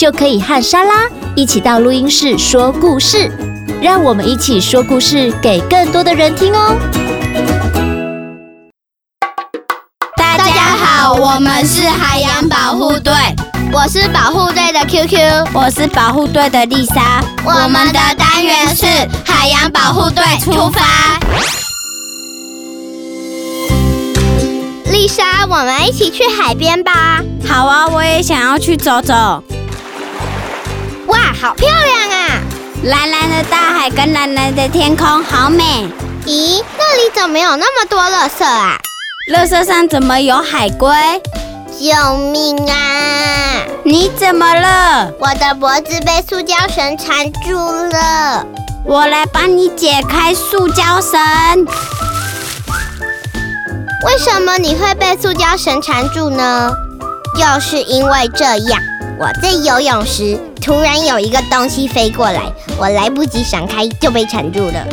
就可以和沙拉一起到錄音室說故事，讓我們一起說故事給更多的人聽哦！大家好，我們是海洋保護隊，我是保護隊的 QQ，我是保護隊的麗莎，我們的單元是海洋保護隊出發。麗莎，我們一起去海邊吧！好啊，我也想要去走走。好漂亮啊！藍藍的大海跟藍藍的天空，好美。咦，那裡怎麼有那麼多垃圾啊？垃圾上怎麼有海龜？救命啊！你怎麼了？我的脖子被塑膠繩纏住了。我來幫你解開塑膠繩。為什麼你會被塑膠繩纏住呢？就是因為這樣。我在游泳時，突然有一個東西飛過來，我來不及閃開就被纏住了。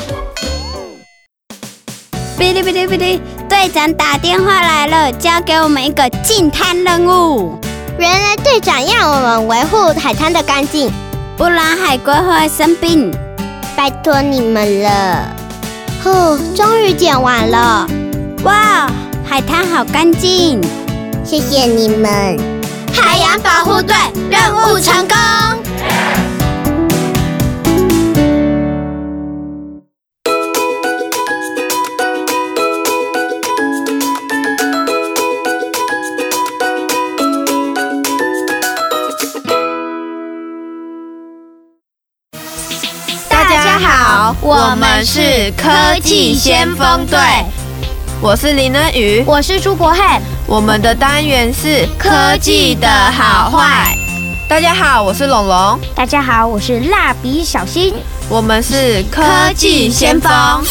嗶哩嗶哩嗶哩，隊長打電話來了，交給我們一個淨灘任務。原來隊長要我們維護海灘的乾淨，不然海龜會生病。拜託你們了。呼，終於撿完了。哇，海灘好乾淨！謝謝你們。海洋保護隊任務成功。大家好，我們是科技先鋒隊，我是林恩羽，我是朱柏翰。我們的單元是科技的好壞。好壞。大家好，我是龍龍。大家好，我是蠟筆小新。我們是科技先鋒。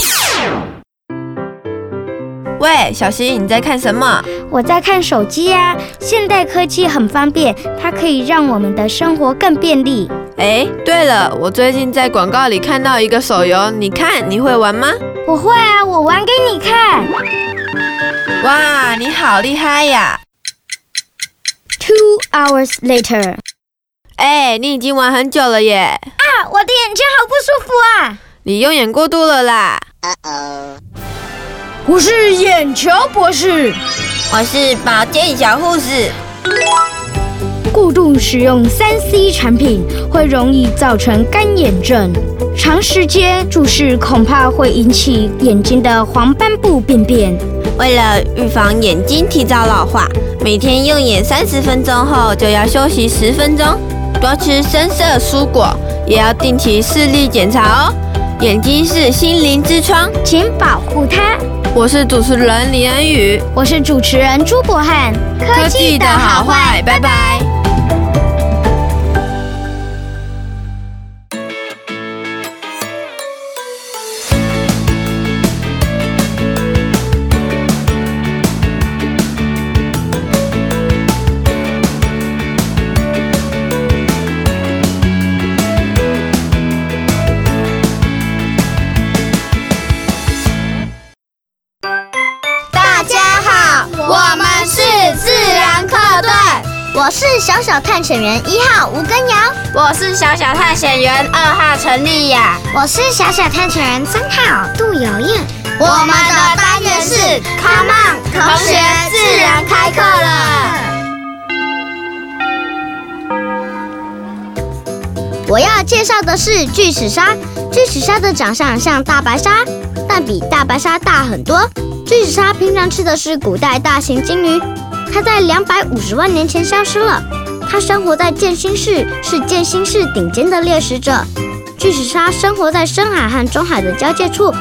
喂，小新，你在看什麼？我在看手機呀，啊。現代科技很方便，它可以讓我們的生活更便利。哎，對了，我最近在廣告裡看到一個手遊，你看，你會玩嗎？我會啊，我玩給你看。哇，你好厲害呀！Two hours later，哎，你已經玩很久了耶！啊，我的眼睛好不舒服啊！你用眼過度了啦！Uh oh. 我是眼球博士，我是保健小護士。過度使用三 C 產品會容易造成乾眼症，長時間注視恐怕會引起眼睛的黃斑部病變。為了預防眼睛提早老化，每天用眼三十分鐘後就要休息十分鐘，多吃深色蔬果，也要定期視力檢查哦。眼睛是心靈之窗，請保護它。我是主持人林恩羽，我是主持人朱柏翰。科技的好壞，拜拜。小小探險員一號吳耕銚，我是小小探險員二號陳莉雅，我是小小探險員三號杜友焱。我們的單元是 Come on 同學，自然開課了。課了，我要介紹的是巨齒鯊。巨齒鯊的長相像大白鯊，但比大白鯊大很多。巨齒鯊平常吃的是古代大型鯨魚，它在兩百五十萬年前消失了。它生活在漸新世，是漸新世頂尖的獵食者。巨齒鯊生活在深海和中海的交界處。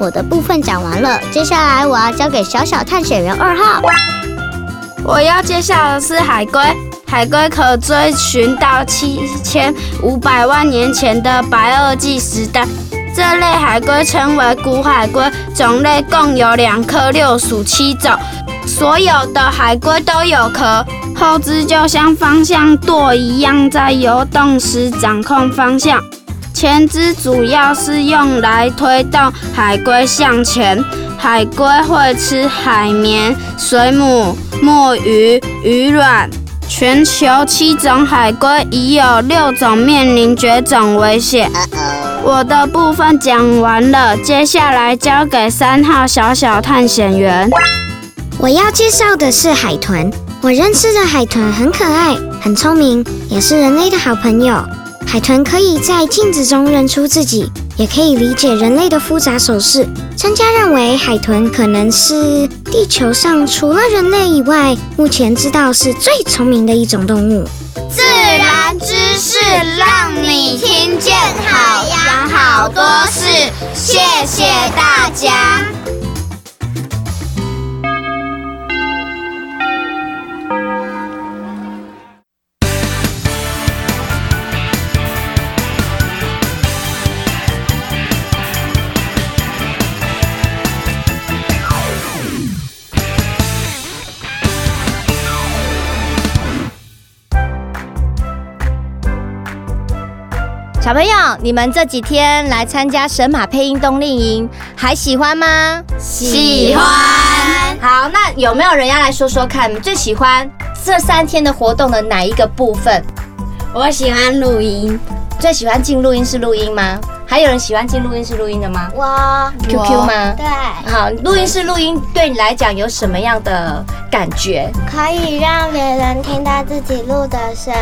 我的部分講完了，接下來我要交給小小探險員二號。我要介紹的是海龜，海龜可追尋到七千五百萬年前的白堊紀時代。這類海龜稱為古海龜，種類共有兩科六屬七種。所有的海龜都有殼。後肢就像方向舵一樣，在游動時掌控方向。前肢主要是用來推動海龜向前。海龜會吃海綿、水母、墨魚、魚卵。全球七種海龜已有六種面臨絕種危險。我的部分講完了，接下來交給三號小小探險員。我要介紹的是海豚。我認識的海豚很可愛，很聰明，也是人類的好朋友。海豚可以在鏡子中認出自己，也可以理解人類的複雜手勢。專家認為，海豚可能是地球上除了人類以外，目前知道是最聰明的一種動物。自然知識讓你聽見海洋好多事。謝謝大家。小朋友，你們這幾天來參加神馬配音冬令營，還喜歡嗎？喜歡。好，那有沒有人要來說說看，你們最喜歡這三天的活動的哪一個部分？我喜歡錄音，最喜歡進錄音室錄音嗎？還有人喜歡進錄音室錄音的嗎？我 QQ 嗎我？對。好，錄音室錄音對你來講有什麼樣的感覺？可以讓別人聽到自己錄的聲，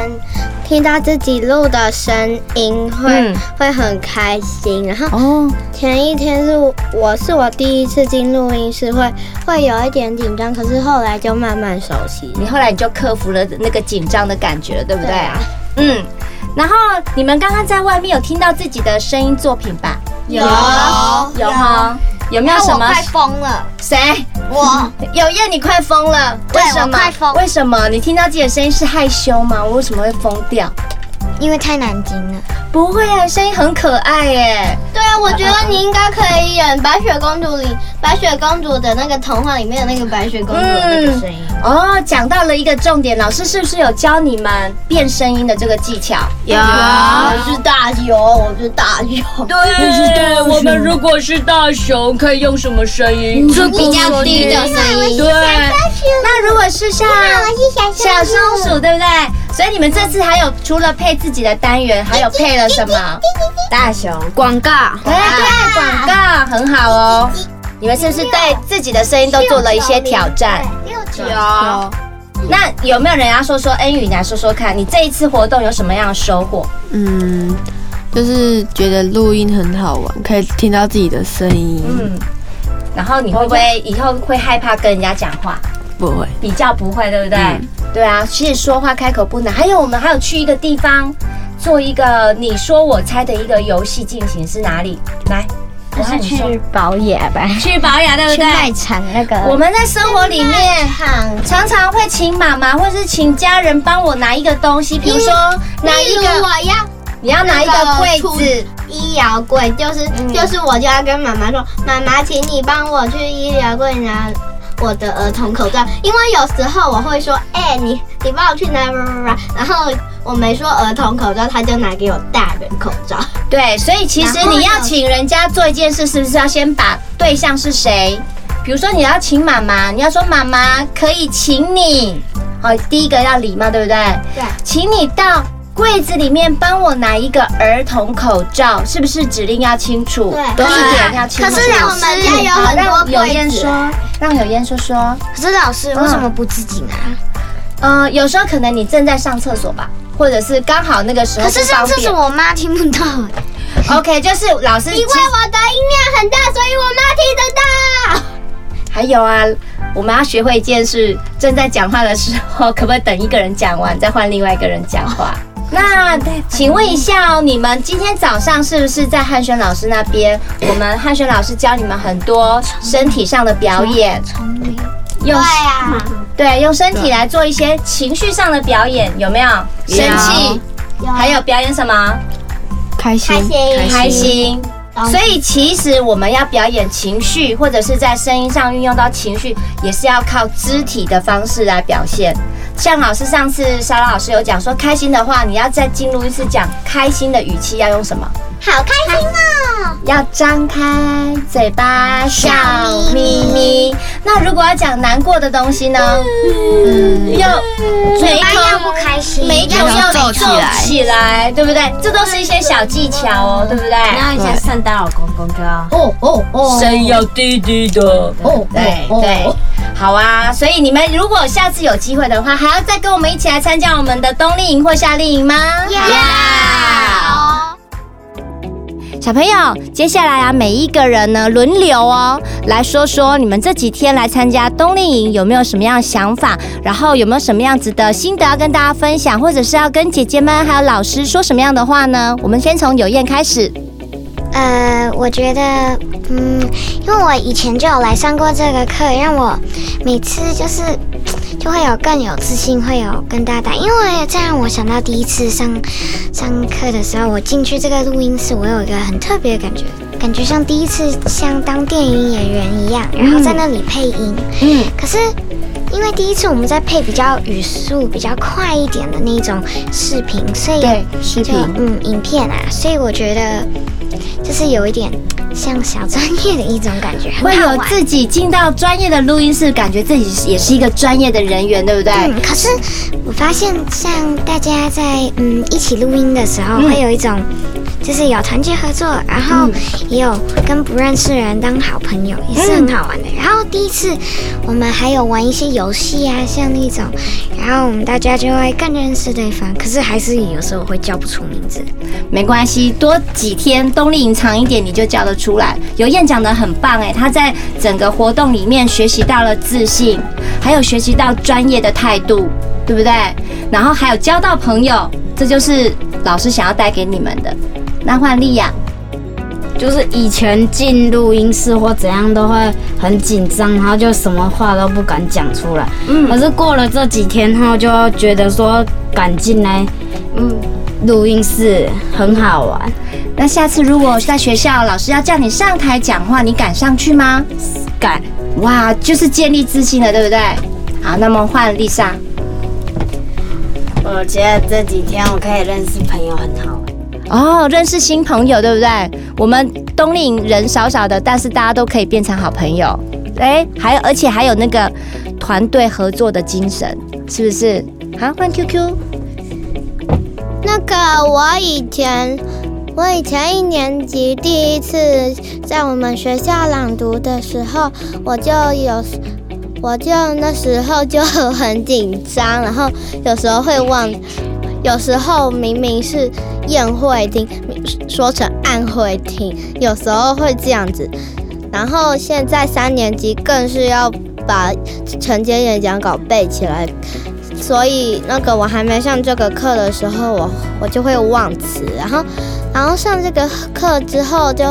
聽到自己錄的聲音會、嗯、會很開心。然後哦，前一天是我是我第一次進錄音室，會會有一點緊張，可是後來就慢慢熟悉。你後來你就克服了那個緊張的感覺，對不對、啊？對嗯。然後你們剛剛在外面有聽到自己的聲音作品吧？有有哈，有沒有什麼？快瘋了！誰？我 友焱，你快瘋了！為什麼？為什麼？為什麼？你聽到自己的聲音是害羞嗎？我為什麼會瘋掉？因為太難聽了，不會啊，聲音很可愛耶。對啊，我覺得你應該可以演白雪公主裡白雪公主的那個童話裡面的那個白雪公主的那個聲音，嗯。哦，講到了一個重點，老師是不是有教你們變聲音的這個技巧？有、嗯呀，我是大熊，對我是大熊。對，我們如果是大熊，可以用什麼聲音？就比較低的聲音。對，那如果是像小，小，小，小松鼠，小松鼠對不對？所以你們這次還有除了配自己的單元，還有配了什麼？大熊廣告，對啊，廣告很好哦。你們是不是對自己的聲音都做了一些挑戰？有。那有沒有人要說說？恩羽，你來說說看，你這一次活動有什麼樣的收穫？嗯，就是覺得錄音很好玩，可以聽到自己的聲音。嗯，然後你會不會以後會害怕跟人家講話？不會，比較不會，對不對？嗯，對啊，其實說話開口不難。還有我們還有去一個地方做一個你說我猜的一個遊戲進行，是哪裡？來，就是去寶雅吧。去寶雅對不對？賣場那個。我們在生活裡面很常常會請媽媽或是請家人幫我拿一個東西，比如說拿一個我要，你要拿一個櫃子，個子醫療櫃，就是就是我就要跟媽媽說，媽媽請你幫我去醫療櫃拿。我的兒童口罩，因為有時候我會說：“哎、欸，你你幫我去拿。”然後我沒說兒童口罩，他就拿給我大人口罩。對，所以其實你要請人家做一件事，是不是要先把對象是誰？比如說你要請媽媽，你要說：“媽媽，可以請你。”哦，第一個要禮貌，對不對？對，請你到。櫃子裡面幫我拿一個兒童口罩，是不是指令要清楚？對，一點要清楚。可是老師，好、嗯，讓我友焱說，讓友焱說說。可是老師為什麼不自己拿？嗯、呃，有時候可能你正在上廁所吧，或者是剛好那個時候。可是上廁所，我媽聽不到。OK，就是老師，因為我的音量很大，所以我媽聽得到。還有啊，我們要學會一件事：正在講話的時候，可不可以等一個人講完，再換另外一個人講話？那請問一下哦，你們今天早上是不是在漢軒老師那邊？我們漢軒老師教你們很多身體上的表演，對對，用身體來做一些情緒上的表演，有沒有？生氣，有有還有表演什麼？開心，開心，開心。所以其實我們要表演情緒，或者是在聲音上運用到情緒，也是要靠肢體的方式來表現。像老師上次沙拉老師有講說，開心的話你要再進入一次講開心的語氣要用什麼？好開心哦！要張開嘴巴笑眯眯。那如果要講難過的東西呢？嗯，要嘴巴要不開心，眉頭要皺起來，對不對？這都是一些小技巧哦，對不對？那一些聖誕老公公就要哦哦哦，聲音要低低的。哦，對對。好啊，所以你們如果下次有機會的話，還要再跟我們一起來參加我們的冬令營或夏令營嗎？要 Yeah。小朋友，接下來啊，每一個人呢輪流哦來說說你們這幾天來參加冬令營有沒有什麼樣的想法，然後有沒有什麼樣子的心得要跟大家分享，或者是要跟姐姐們還有老師說什麼樣的話呢？我們先從友焱開始。呃，我覺得，嗯，因為我以前就有來上過這個課，讓我每次就是就會有更有自信，會有更大膽。因為這樣，我想到第一次上上課的時候，我進去這個錄音室，我有一個很特別的感覺，感覺像第一次像當電影演員一樣，然後在那裡配音。嗯嗯，可是。因為第一次我們在配比較語速比較快一點的那種視頻，所以對視頻嗯影片啊，所以我覺得就是有一點像小專業的一種感覺，會有自己進到專業的錄音室，感覺自己也是一個專業的人員，對不對？嗯，可是我發現像大家在嗯一起錄音的時候，嗯，會有一種。就是有團結合作，然後也有跟不認識人當好朋友，也是很好玩的、欸。嗯、然後第一次我們還有玩一些遊戲啊，像那種，然後我們大家就會更認識對方。可是還是有時候會叫不出名字，沒關係，多幾天冬令營長一點，你就叫得出來。友焱講得很棒哎、欸，她在整個活動裡面學習到了自信，還有學習到專業的態度，對不對？然後還有交到朋友，這就是老師想要帶給你們的。那換莉雅，就是以前進錄音室或怎樣都會很緊張，然後就什麼話都不敢講出來。嗯，可是過了這幾天後，就覺得說敢進來，嗯，錄音室很好玩。那下次如果在學校老師要叫你上台講話，你敢上去嗎？敢。哇，就是建立自信了，對不對？好，那麼換莉紗，我覺得這幾天我可以認識朋友，很好。哦，oh，認識新朋友，對不對？我們冬令營人少少的，但是大家都可以變成好朋友。哎、欸，還有而且還有那個團隊合作的精神，是不是？好，換 QQ。那個我以前，我以前一年級第一次在我們學校朗讀的時候，我就有，我就那時候就很緊張，然後有時候會忘。有時候明明是宴會廳，說成暗會廳，有時候會這樣子。然後現在三年級更是要把晨間演講稿背起來，所以那個我還沒上這個課的時候我，我我就會忘詞。然後然後上這個課之後就，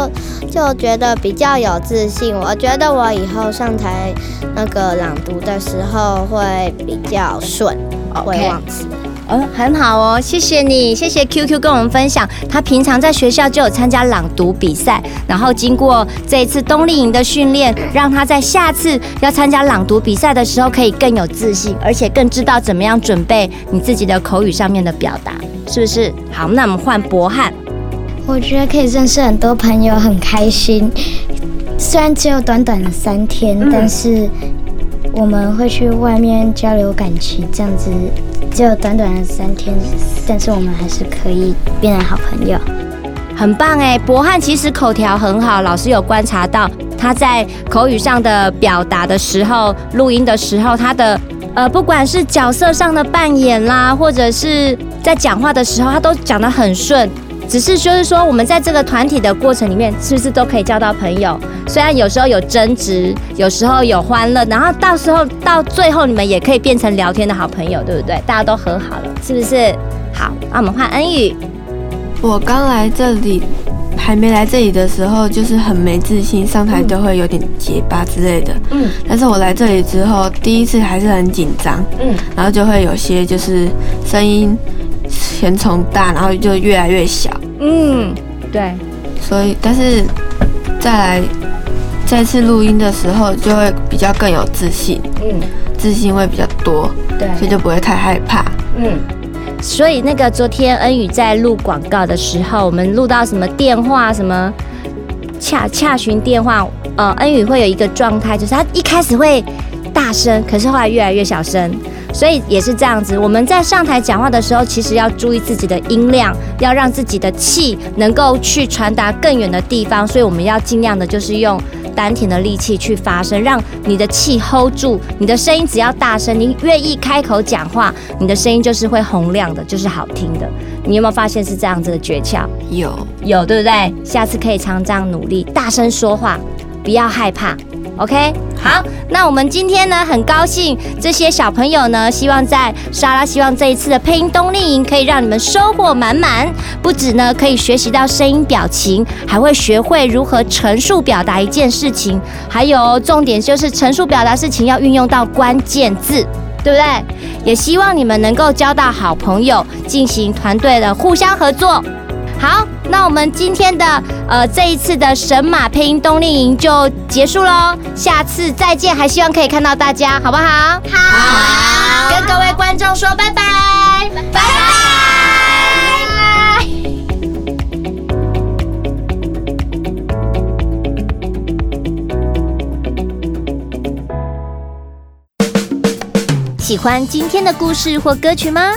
就就覺得比較有自信。我覺得我以後上台那個朗讀的時候會比較順，Okay. 不會忘詞。嗯、哦，很好哦，謝謝你，謝謝 Q Q 跟我們分享，他平常在學校就有參加朗讀比賽，然後經過這一次冬令營的訓練，讓他在下次要參加朗讀比賽的時候可以更有自信，而且更知道怎麼樣準備你自己的口語上面的表達，是不是？好，那我們換柏翰。我覺得可以認識很多朋友，很開心。雖然只有短短的三天，嗯、但是我們會去外面交流感情，這樣子。只有短短的三天，但是我們還是可以變成好朋友，很棒哎！柏翰其實口條很好，老師有觀察到他在口語上的表達的時候，錄音的時候，他的呃，不管是角色上的扮演啦，或者是在講話的時候，他都講得很順。只是就是說，我們在這個團體的過程裡面，是不是都可以交到朋友？雖然有時候有爭執，有時候有歡樂，然後到時候到最後，你們也可以變成聊天的好朋友，對不對？大家都和好了，是不是？好，那我們換恩羽。我剛來這裡，還沒來這裡的時候，就是很沒自信，上台都會有點結巴之類的。嗯。但是我來這裡之後，第一次還是很緊張。嗯。然後就會有些就是聲音先從大，然後就越來越小。嗯，對，所以但是再來再次錄音的時候，就會比較更有自信。嗯，自信會比較多，對，所以就不會太害怕。嗯，所以那個昨天恩羽在錄廣告的時候，我們錄到什麼電話，什麼洽洽詢電話，嗯、呃，恩羽會有一個狀態，就是他一開始會大聲，可是後來越來越小聲。所以也是這樣子，我們在上台講話的時候，其實要注意自己的音量，要讓自己的氣能夠去傳達更遠的地方。所以我們要盡量的就是用丹田的力氣去發聲，讓你的氣 hold 住，你的聲音只要大聲，你願意開口講話，你的聲音就是會洪亮的，就是好聽的。你有沒有發現是這樣子的訣竅？有，有，對不對？下次可以常這樣努力，大聲說話，不要害怕。OK。好，那我們今天呢，很高興這些小朋友呢，希望在莎拉希望這一次的配音冬令營可以讓你們收穫滿滿，不止呢可以學習到聲音表情，還會學會如何陳述表達一件事情，還有重點就是陳述表達事情要運用到關鍵字，對不對？也希望你們能夠交到好朋友，進行團隊的互相合作。好，那我們今天的呃這一次的神馬配音冬令營就結束嘍，下次再見，還希望可以看到大家，好不好？好，好好跟各位觀眾說拜拜，拜拜。喜歡今天的故事或歌曲嗎？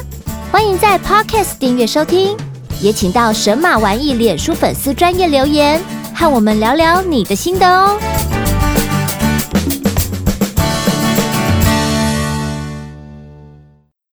歡迎在 Podcast 訂閱收聽。也請到神馬玩意臉書粉絲專頁留言，和我們聊聊你的心得哦。